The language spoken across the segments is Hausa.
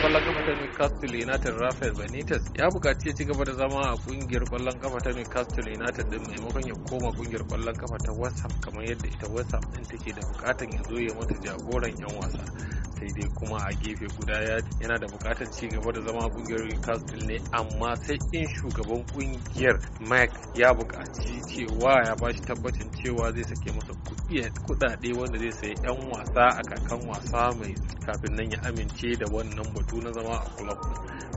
kwallon kafa ta Newcastle United Rafael Benitez ya bukaci ya ci gaba da zama a kungiyar kwallon kafa ta Newcastle United din maimakon ya koma kungiyar kwallon kafa ta West Ham kamar yadda ita West Ham din take da bukatan ya zo ya mata jagoran yan wasa. sai dai kuma a gefe guda yana da bukatar ci gaba da zama kungiyar Newcastle ne amma sai in shugaban kungiyar Mike ya bukaci cewa ya bashi tabbacin cewa zai sake masa kudade wanda zai sayi 'yan wasa a kakan wasa mai kafin nan ya amince da wannan batu na zama a club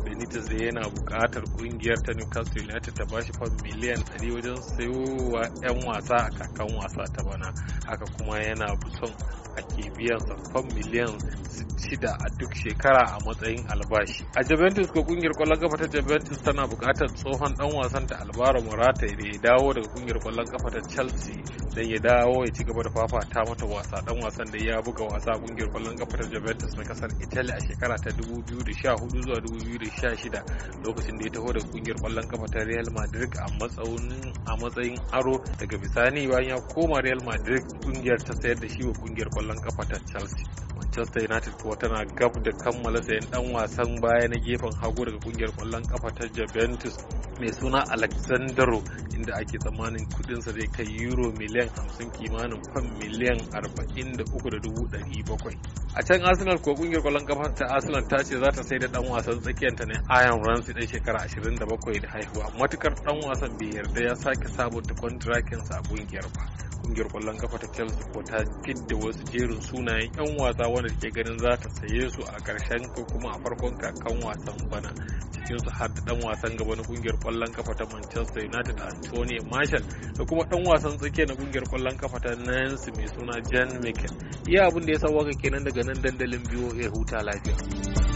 Benitez da yana bukatar kungiyar ta Newcastle United ta bashi fam miliyan 100 wajen sayo 'yan wasa a kakan wasa ta bana haka kuma yana son ake biyan samfan miliyan shida a duk shekara a matsayin albashi. A Juventus ko kungiyar kwallon kafa ta Juventus tana bukatar tsohon dan wasan ta Alvaro Morata da ya dawo daga kungiyar kwallon kafa ta Chelsea dan ya dawo ya ci gaba da fafata mata wasa dan wasan da ya buga wasa kungiyar kwallon kafa ta Juventus na kasar Italy a shekara ta 2014 zuwa 2016 lokacin da ya taho da kungiyar kwallon kafa ta Real Madrid a matsayin a matsayin aro daga bisani bayan ya koma Real Madrid kungiyar ta sayar da shi wa kungiyar kwallon kafa ta Chelsea Manchester United kuwa tana gab da kammala sayan dan wasan baya na gefen hagu daga kungiyar kwallon kafa ta Juventus mai suna alexandro inda ake tsammanin kudinsa zai kai euro miliyan 50 kimanin kwan miliyan 43,700 a can arsenal ko kungiyar kwallon kafa ta arsenal ta ce za ta sai da dan wasan tsakiyarta ne ayan ramsey dan shekara 27 da haihuwa matukar dan wasan bai yarda ya sake sabunta kwantirakinsa a kungiyar ba kungiyar kwallon kafa ta chelsea ko ta fidda wasu jerin sunayen yan wasa wanda take ganin za ta saye su a karshen ko kuma a farkon kakan wasan bana cikin su har da dan wasan gaba na kungiyar kwallon kafa ta manchester united anthony marshall da kuma dan wasan tsakiya na kungiyar kwallon kafa ta nancy mai suna jan mikel iya abin da ya sa waka kenan daga nan dandalin biyo ya huta lafiya